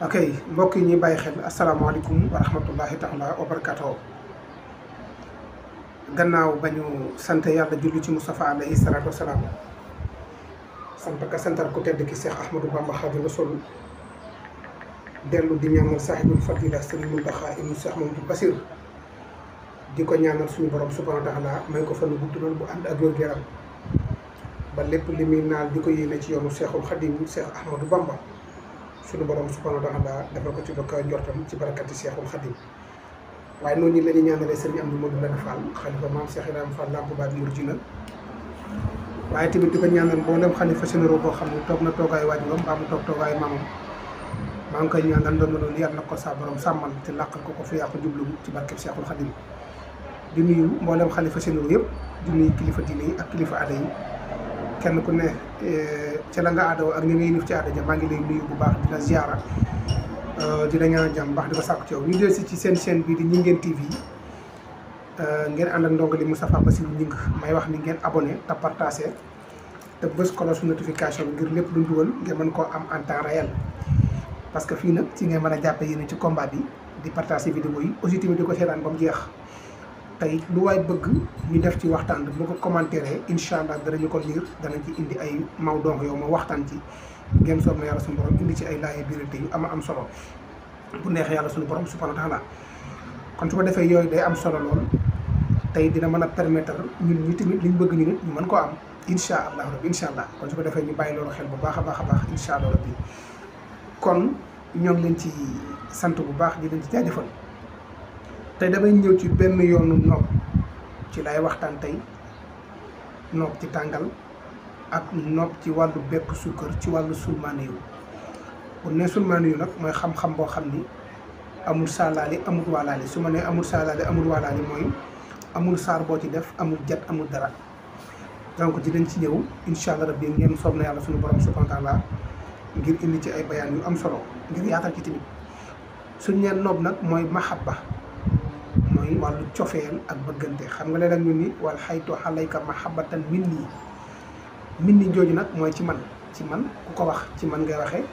Okay, mbokk yi ñuy bàyyi xel alaykum wa rahmatullahi taala wa barakatuh gannaaw ba sante yalla jullu ci mustafa alayhi salatu wassalam sante ka santar ko tedd ki Cheikh Ahmadou Bamba khadi rasul delu di ñaanal sahibul fadila Sëriñ Muntaxa ibn Cheikh Mamadou Basir di ñaanal suñu borom subhanahu wa taala may ko fan gudd lool bu and ak ba lepp limi naal di yene ci yoonu Cheikhul khadim Cheikh Ahmadou Bamba suñu borom subhanahu wa taala defal ko ci lu kaw njortam ci barakati Cheikhul Khadim waaye noonu ñu la ñuy ñaanalee sëriñ Amdi Modou Mbène Fall xalifa maam Cheikh Ibrahima Fall Lamp Baab Mouridina waaye tamit di ko ñaanal mboolem xalifa généraux boo xam ne toog na toogaayu waajuram mbaa mu toog toogaayu maamam maa ngi koy ñaanal ndono noonu na ko sa borom sàmmal te làqal ko ko fu yàqu jublu ci barkeb Cheikhul Khadim di nuyu mboolem xalifa généraux yëpp di nuyu kilifa diine yi ak kilifa aada yi kenn ku ne eh, ci la nga ado ak ni ngay ñu ci ado ja maa ngi lay nuyu bu baax di ziarra euh dina la ñaan baax di sax ci yow ñu del si ci seen chaîne bi di Gninguène TV eh, ngeen and ak ndongali mustapha Moustapha Bassirou may wax ni ngeen abonné te bëss ko la su notification ngir lepp lu dugal ngeen mën ko am en temps réel parce que fi nak ci ngeen mëna jappé jàppe ci combat bi di partager vidéo yi aussi timi di ko seetaan bam jeex tey lu waay bëgg ñu def ci waxtaan bu ko commentaire incha allah danañu ko liir danañ ci indi ay maw donc yow ma waxtaan ci ngeen soob na yàlla suñu borom indi ci ay laaye biirante yu ama am solo bu neexee yàlla suñu borom subhanahu wa taala kon su ko defee yooyu day am solo lool tey dina mën a permettre ñun ñu tamit liñ bëgg ñu nit ñu mën koo am incha allah rabbi incha allah kon ko defee ñu bàyyi loolu xel bu baax a baax a baax incha allah rabbi kon ñoom ngi leen ci sant bu baax di leen ci jaajëfal te damay ñëw ci benn yoonu nopp ci lay waxtaan tey nopp ci tàngal ak nopp ci wàllu bépp sukkar ci wàllu sulmaani yu bu ne sulmaani yu nag mooy xam-xam boo xam ni amul saalaali amul waalaali su ma nee amul saalaali amul waalaali mooy amul saar boo ci def amul jat amul dara donc dinañ ci ñëw incha allah rabbi ngeen soob na yàlla suñu borom subhanahu wa taala ngir indi ci ay bayaan yu am solo ngir yaatal ci tamit suñ neen noob nag mooy maxabba mooy wàllu cofeel ak bëggante xam nga leen ak ñun ni wal xaytu ma mahabbatan min nii mit nii jooju nag mooy ci man ci man ku ko wax ci man ngay waxee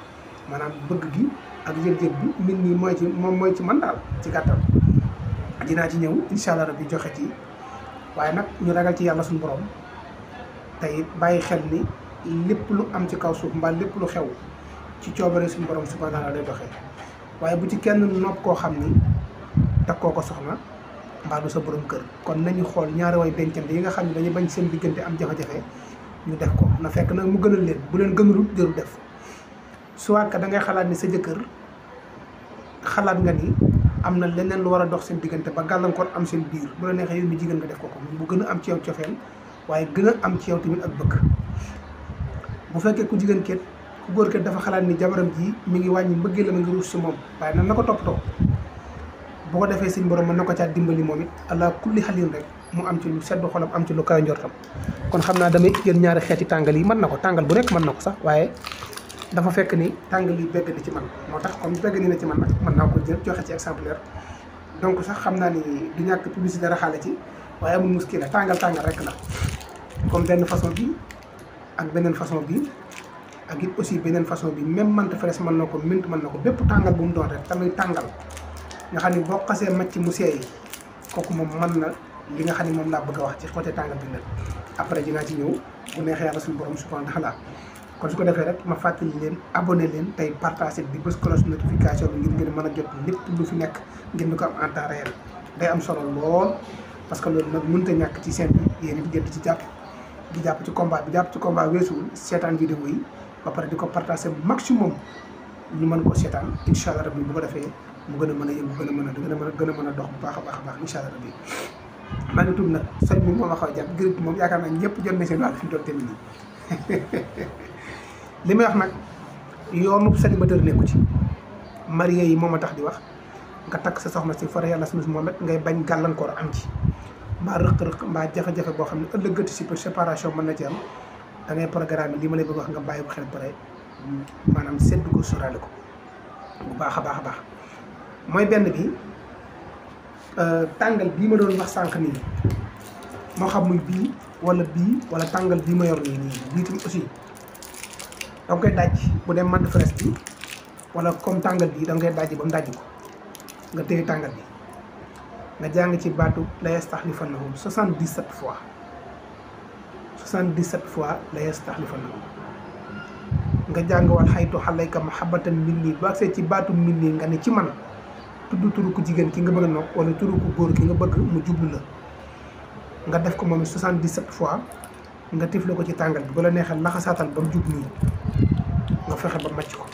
maanaam bëgg gi ak yëg-yëg bi mit nii mooy moom mooy ci man daal ci gàttal dinaa ci ñëw incha allah rabbi joxe ci waaye nag ñu ragal ci yàlla suñu borom tey bàyyi xel ni lépp lu am ci kaw suuf mbaa lépp lu xew ci coobare suñu borom subhanahu wa taala lay doxee waaye bu ci kenn nopp koo xam ni takkoo ko soxna mbaa du sa boroom kër kon nañu xool ñaari way dencante yi nga xam ne dañu bañ seen diggante am jafe-jafe ñu def ko na fekk nag mu gënal leen bu leen gënalul jëru def soit que da ngay xalaat ni sa jëkkër xalaat nga ni am na leneen lu war a dox seen diggante ba gàllankoor am seen biir bu la neexee yow mi jigéen nga def ko ko mu gën am ci yow cofeel waaye gën am ci yow tamit ak bëgg bu fekkee ku jigéen ket ku góor ket dafa xalaat ni jabaram ji mi ngi wàññi mbëggee la ma ngi ruus moom waaye nan na ko toppatoo bu ko defee suñ borom man nako ca dimbali momit ala kulli halin rek mu am ci lu sedd xolam am ci lu kay ndortam kon xamna naa damay jël ñaari xéti tàngal yi mën na ko bu rek man nako sax waye dafa fekk ni tàngal yi begg ni ci man motax kon begg ni na ci man nag mën naa jël joxe ci exemplaire donc sax xamna ni du ñak publicité raxaale ci waye mu muskil tangal tangal rek la comme benn façon bi ak benen façon bi ak it aussi benen façon bi même man nako mint man nako bepp tangal bu mu doon rek tamay tangal nga xamni ne xasse xasee ci mu yi kooku mom man na li nga xamni mom la bëgg wax ci côté tànga bindal après dina ci ñew bu neexee ya rasul borom subhanahu wa taala kon su ko defee rek ma fàttali leen abonné leen tay partager bi bëss cloche notification bi ngir ngeen mëna jot lepp lu fi nekk ngeen ko am en temps réel day am solo lool parce que lool nak mënta ñak ñàkk ci seen bi yéen it ngeen ci japp di japp ci combat bi japp ci combat weesuwul seetaan vidéo yi ba paré diko partager maximum ñu mën ko sétan inshallah rabbi bu ko defee mu gën a mën a yëngu gën a mën a dox bu baax baax baax inshallah rabbi ma ngi tud nak sëñ bu mo waxa japp jàpp mom yaaka na naa ñëpp jot na ci wàll fi mu doon tamit nii li may wax nag yoonu célibataire neeku ci mariya yi moma tax di wax nga tak sa soxna ci fara yalla sunu moom it ngay bañ galan ko am ci ma rek rek ma jafe-jafe bo xamni ne ëllëgati si pour séparation mëna ci am da ngay programme li ma lay bëgg wax nga bàyyi bu xel pare maanaam sedd ko sóoraale ko bu baaxa baaxa baax moy benn bi euh, tàngal bii ma doon wax sànq nii moo xam muy bii wala bii wala tàngal bii ma yor nii nii bii tamit aussi da koy daj bu dem màdd fraise bi wala comme tàngal bii da nga koy daj ba mu daj ko nga téye tàngal bi nga jàng ci baatu la yastaxlifannahum 77 fois 77 fois la yastaxlifannahum nga jàng wal xaytu xalayka mahabatan minni bu agsee ci baatu minni nga ne ci man tuddu turu ku jigen ki nga bëgg nok wala turu ku goor ki nga bëgg mu jublu la nga def ko mom 77 fois nga tiflo ko ci tangal bi bu la xassatal bam jublu nga fexé ba macc ko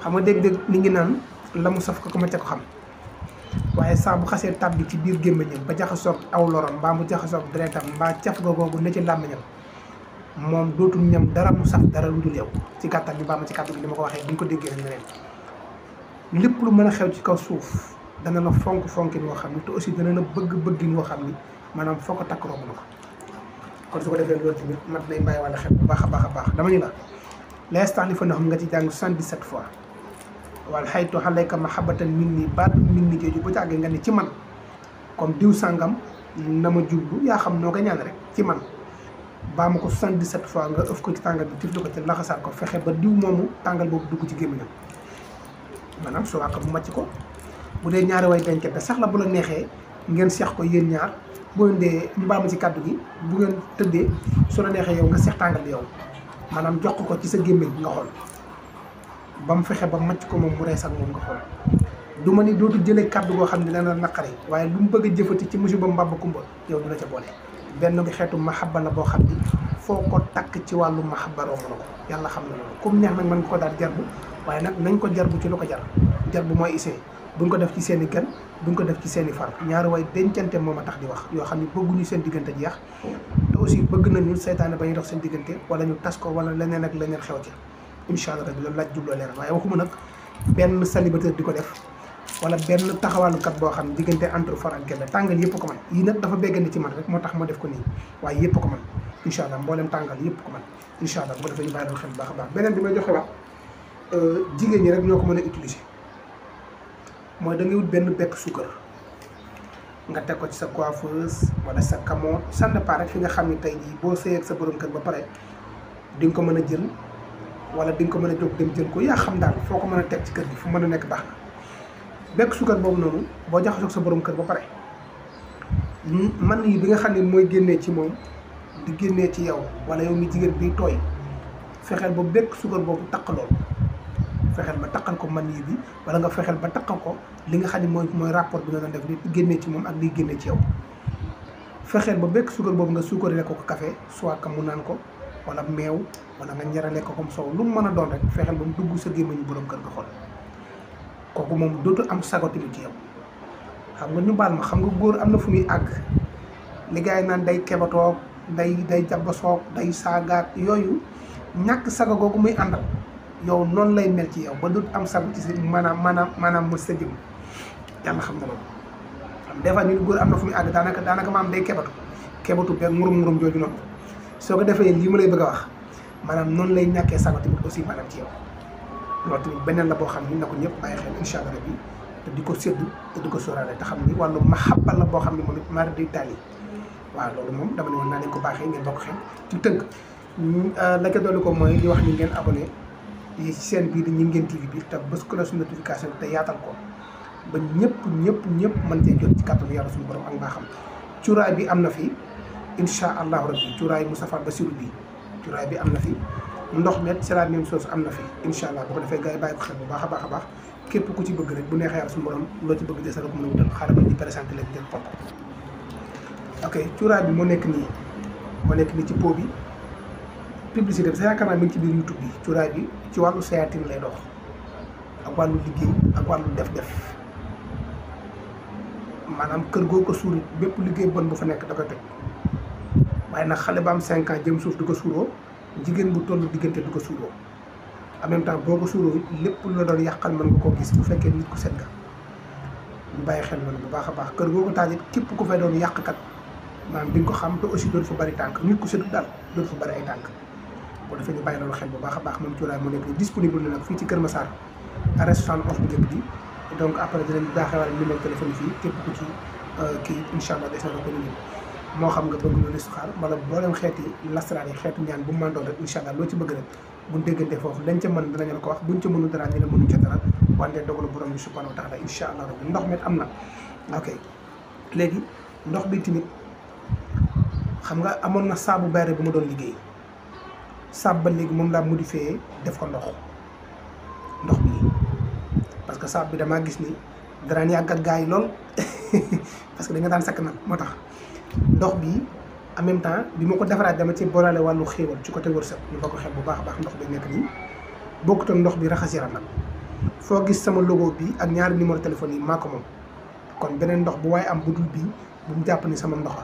xam nga deg dégg ni ngi nan lamu saf ko ko macca ko xam waye sa bu xasee tàbbi ci biir gémmiñam ba jaxaso aw lorom ba mu jaxaso dretam ba tiaf go gogu ne ci làmmiñam mom dootul ñam dara mu saf dara lu dul yow ci gàttal bi ba ma ci kàddu bi dama ma ko waxee bu ñu ko déggee leneen lépp lu mën a xew ci kaw suuf dana la fonk fonkin woo xam ni te aussi dana la bëgg bëggin woo xam ni maanaam foo ko takk romb na ko kon su ko defee loolu tamit mat nay bàyyi wàlla xel bu baax a baax baax dama ñu la l'instant li fa na xam nga ci jàng 77 fois wal xaytu xalayka mahabatan min nii baat min nii jooju ba ca àggee nga ne ci man comme diw sàngam na ma jublu yaa xam noo ko ñaan rek ci man baa ma ko 77 fois nga ëf ko ci tàngal bi tifli ko ci laxasaat ko fexe ba diw moomu tàngal boobu dugg ci gémmiñam maanaam su wàq bu màcc ko bu dee ñaari way dencante sax la bu la neexee ngeen seex ko yéen ñaar boo ngeen dee ñu baamu ci kàddu gi bu ngeen tëddee su la neexee yow nga seex tàngal yow maanaam jox ko ci sa gémmiñ nga xool ba mu fexe ba màcc ko moom mu rees ak moom nga xool du ma ni dootu jëlee kàddu goo xam ne dana naqari waaye lu mu bëgg a jëfati ci musiba mbàbb kumba yow du la ca boole. benn xeetu mahabba la boo xam ni foo ko takk ci wàllu mahabba romb a ko yàlla xam na loolu comme neex nag mën nga ko daal gerbu waaye nag nañ ko jar bu ci lu ko jar jar bu mooy isee buñ ko def ci seen i gan buñ ko def ci seen i far ñaari way dencante moom a tax di wax yoo xam ne bëgguñu seen diggante jeex te aussi bëgg nañu seytaane ba ñuy dox seen diggante wala ñu tas ko wala leneen ak leneen xew ci incha allah rabbi loolu laaj jubloo leeral waaye waxuma nag benn célibataire di ko def wala benn taxawaalukat boo xam ne diggante entre far ak gelle tàngal yëpp ko man yi nag dafa béggandi ci man rek moo tax ma def ko nii waaye yëpp ko man incha allah mboolem tàngal yëpp ko man a beneen bi may joxe wax Euh, jigéen ñi rek ñoo ko mën a utiliser mooy da wut benn bekk suukar nga teg ko ci sa coiffeuse wala sa kamoon ça ne fi nga xam ni tey jii boo sëyeeg sa borom kër ba pare di nga ko mën a jël wala di ko mën a jóg dem jël ko yaa xam daal foo ko mën a teg ci kër gi fu mën a nekk baax na bekk suukar boobu noonu boo jaxasoo sa boroom kër ba pare man yi bi nga xam ne mooy génnee ci moom di génnee ci yow wala yow mi jigéen bi tooy fexeel ba bekk suukar boobu taq fexeel ba taqal ko man yi bi wala nga fexeel ba taqal ko li nga xam ne mooy mooy rapport bi nga doon def li génnee ci moom ak liy génnee ci yow fexeel ba bekk suukar boobu nga suukaree ko ko café soit que mu naan ko wala meew wala nga ñarale ko comme soow lu mu mën a doon rek fexeel ba mu dugg sa gémmiñu borom kër nga xool moom dootul am sago tamit ci yow xam nga ñu baal ma xam nga góor am na fu muy àgg li yi naan day kebatoog day day jabasoog day saagaat yooyu ñàkk sago googu muy àndal yow noonu lay mel ci yow ba dut am sago ci si maanaam maanaam maanaam mu sa jëm xam na loolu am des fois nit góor am na fu muy àgg daanaka daanaka maam day kebatu kebatu benn murum murum jooju noonu soo ko defee lii ma lay bëgg a wax maanaam noonu lay ñàkkee sago tamit aussi maanaam ci yow loolu beneen la boo xam ni na ko ñëpp bàyyi xel incha allah rabbi te di ko séddu te di ko sóoraale te xam ni wàllu maxabba la boo xam ne moom it mari di tali waaw loolu moom dama ne woon naa leen ko baaxee ngeen bokk xel ci tënk mm, euh, la ko ko mooy di wax ni ngeen abonné ci seen bii di ñu TV bi te bés ko la suñu te yaatal ko ba ñëpp ñëpp ñëpp man te jot ci kàttanu yàlla suñu borom ak mbaaxam cuuraay bi am na fi incha allahu rabbi cuuraay Moustapha Bassirou bi cuuraay bi am na fi ndox met c'est la même chose am na fi incha allah boo ko defee gars yi bàyyi ko xel bu baax a baax a baax képp ku ci bëgg rek bu neexee yàlla suñu borom loo ci bëgg des rek mën a wutal xaaral ma ñu présenté leen jël pot ok cuuraay bi moo nekk nii moo nekk nii ci pot bi publicité bi sa yaakaar naa mi ngi ci biir YouTube bi cuuraay bi ci wàllu sayaatin lay dox ak wàllu liggéey ak wàllu def-def maanaam kër goo ko suur bépp liggéey bon bu fa nekk da koy toj waaye nag xale ba am 5 jëm suuf du ko suuroo jigéen bu toll diggante di ko suuroo en même boo ko suuroo lépp lu la doon yàqal mën nga koo gis bu fekkee nit ku set nga ñu bàyyi xel loolu bu baax a baax kër goo ko taaj képp ku fay doon yàqkat maanaam di nga ko xam te aussi dootu fa bari tànk nit ku setu daal dootu bari ay tànk. bu defee ñu bàyyi loolu xel bu baax a baax moom cuuraay mu nekk disponible na nag fii ci Kër Massar arrêt 71 bu njëkk bi donc après dinañ baaxeewal numéro téléphone fii képp ku ci kii incha allah des na la ko nuyu moo xam nga bëgg lu listixaar wala mboolem xeeti lasraar yi xeetu ñaan bu mu mën doon rek incha allah loo ci bëgg rek buñ déggante foofu lañ ca mën danañ la ko wax buñ ca mënu dara ñu ne mënu ca dara wante dogalu borom bi subhanahu wa taala incha allah rabbi ndox mi am na ok léegi ndox bi tamit xam nga amoon na saabu bayre bu ma doon liggéey saabu ba léegi moom laa modifié def ko ndox ndox bi parce que saab bi damaa gis ni daraan yàggat gaa yi lool parce que dañu daan sakk na moo tax ndox bi en même temps bi ma ko defaraat dama ci boolaale wàllu xéewal ci côté wërsëg ñu ko ko xeeb bu baax baax ndox bi nekk nii bokkut bokkutoon ndox bi raxas yaram nag foo gis sama logo bi ak ñaari numéro téléphone yi maa ko moom kon beneen ndox bu waaye am bu dul bii bu mu jàpp ni sama ndox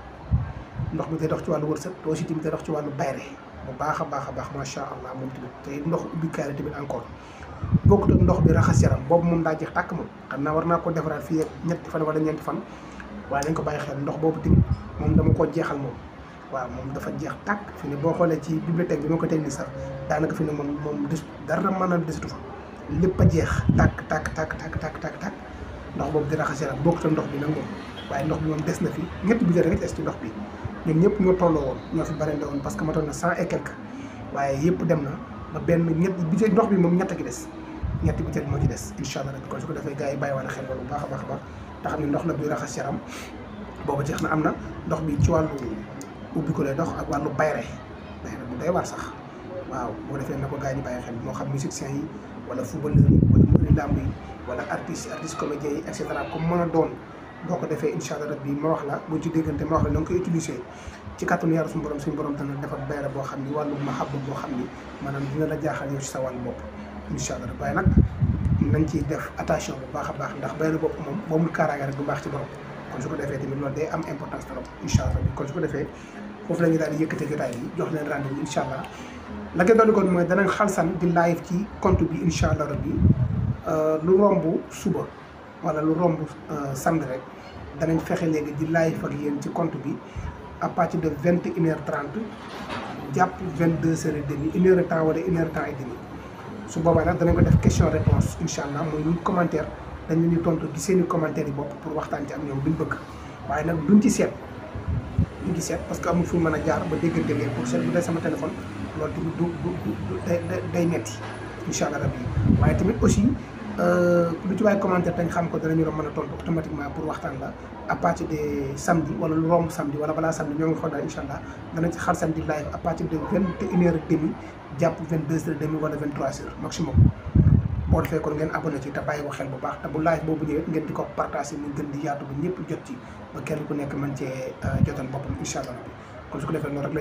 ndox bi day dox ci wàllu wërsëg te aussi tamit day ci wàllu bayre bu baax a baax a baax macha allah moom tamit te ndox ubbi kaari tamit encore bokkut ak ndox bi raxas yaram boobu moom daa jeex tàkk moom xam naa war naa ko defaraat fii ak ñetti fan wala ñeenti fan waaye dañ ko bàyyi xel ndox boobu tamit moom dama ko jeexal moom waaw moom dafa jeex tàkk fi ne boo xoolee ci bibliothèque bi ma ko teg nii sax daanaka fi ne moom moom des dara mën a desitu fa lépp a jeex tàkk tàkk tàkk tàkk tàkk tàkk tàkk ndox boobu di raxas yaram bokkut ak ndox bi nag moom waaye ndox bi moom des na fi ñett bi nga def des ci ndox bi ñun ñëpp ñoo tolloo woon ñoo fi bari woon parce que matoon na cent et quelque waaye yëpp dem na ba benn ñett bi ndox bi moom ñett ki des ñetti butéel moo ci des incha allah kon su ko defee gars yi bàyyiwaat xel loolu bu baax a baax a baax te xam ne ndox la buy raxas jeex na am na ndox bi ci wàllu ubbi ko lay ndox ak wàllu bayre bayre bu doy war sax waaw boo defee na ko gars yi bàyyi xel moo xam musiciens yi wala footballeur yi wala mbëri làmb yi wala artiste artiste comédien yi et cetera comme mën a doon boko defé inshallah rabbi ma wax la bu ci déggante ma wax la na utiliser ci kàttanu yàlla suñu borom suñu borom tan defar bayra bo xamni walu wàllu mahabba boo xam ni dina la jaxal yow ci sa wàllu bopp incha allah waaye nag nañ ci def attention bu baaxa baax ndax bayra bop mom boo mul rek bu baax ci borom kon su ko defé tamit lool day am importance trop inshallah allah kon su ko defé foofu la ñu daal yëkëté yëkkati jotaay yi jox leen rendez-vous inshallah la ngeen doon kon mooy danañ xalsan di live ci compte bi inshallah rabbi euh lu rombu suba wala lu rombu euh, samedi rek danañ fexé légui di live ak yeen ci compte bi à partir de 21h30 japp 22h30 1h temps wala 1h temps et demi su boobaa nag danañ ko def question réponse inshallah moy ñu commentaire dañ ñu di tontu ci seen commentaire yi bopp pour waxtaan ci ak ñoom buñ bëgg waye nak duñ ci sét duñ ci sét parce que amu fu mëna jaar ba dégg dégg pour sét bu dé sama téléphone loolu du du du day day metti inshallah rabbi waye tamit aussi. Euh, lu ci waay commentaire te xam ko danañu la mën a tontu automatiquement pour waxtaan la à partir de samedi wala lu romb samedi wala balaa samedi ñoo ngi xool daal incha allah dana ci xar samedi live à partir de vingt et une heures demi jàpp vingt deux heures demi wala vingt trois heures maximum. boo defee kon ngeen abonné ci te bàyyi ko xel bu baax te bu live boobu ñëwee ngeen di ko partagé mu gën di yaatu ba ñëpp jot ci ba kenn ku nekk mën cee euh, jotal boppam incha allah kon su ko defee noonu rek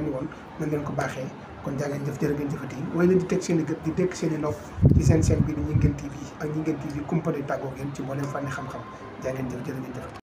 la ñu ko baaxee. kon jaa ngeen jëf jërë ngeen jëfati waaye leen di teg seen i gët di dekk seen i nopp ci seen chaîne bi di Gninguène TV ak Gninguène TV kumpa di tàggoo ngeen ci mboolem fànni xam-xam jaa ngeen jëf jërë ngeen jëfati